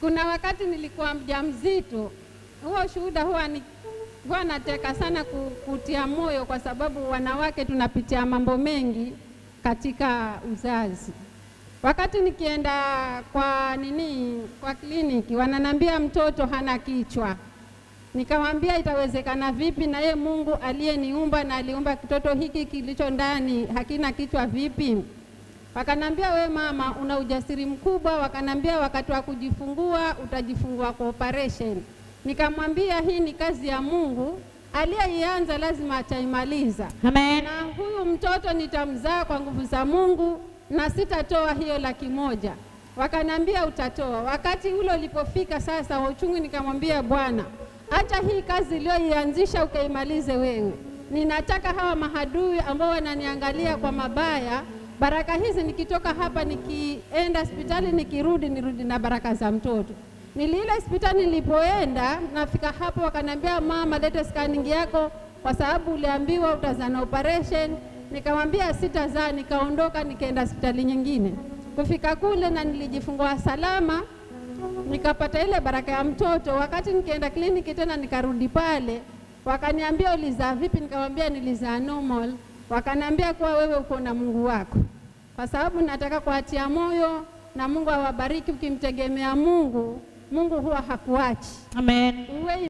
Kuna wakati nilikuwa mjamzito, huo shuhuda huwa ni huwa nateka sana kutia moyo, kwa sababu wanawake tunapitia mambo mengi katika uzazi. Wakati nikienda kwa nini kwa kliniki, wananambia mtoto hana kichwa. Nikamwambia itawezekana vipi, na ye Mungu aliyeniumba na aliumba kitoto hiki kilicho ndani hakina kichwa vipi? Wakanambia we mama, una ujasiri mkubwa. Wakanambia wakati wa kujifungua utajifungua kwa operation. Nikamwambia hii ni kazi ya Mungu, aliyeianza lazima ataimaliza. Amen. Na huyu mtoto nitamzaa kwa nguvu za Mungu na sitatoa hiyo laki moja. Wakanambia utatoa. Wakati ule ulipofika sasa wa uchungu, nikamwambia Bwana, acha hii kazi iliyoianzisha ukaimalize wewe. Ninataka hawa mahadui ambao wananiangalia kwa mabaya baraka hizi nikitoka hapa nikienda hospitali nikirudi, nirudi na baraka za mtoto. Niliile hospitali nilipoenda, nafika hapo wakaniambia, mama, leta scanning yako kwa sababu uliambiwa utazana operation. Nikamwambia sitazaa, nikaondoka nikaenda hospitali nyingine. Kufika kule na nilijifungua salama, nikapata ile baraka ya mtoto. Wakati nikienda kliniki tena nikarudi pale, wakaniambia ulizaa vipi? Nikamwambia nilizaa normal. Wakaniambia kuwa wewe uko na Mungu wako, kwa sababu nataka kuatia moyo na Mungu awabariki. Ukimtegemea Mungu, Mungu huwa hakuachi. Amen. Uwe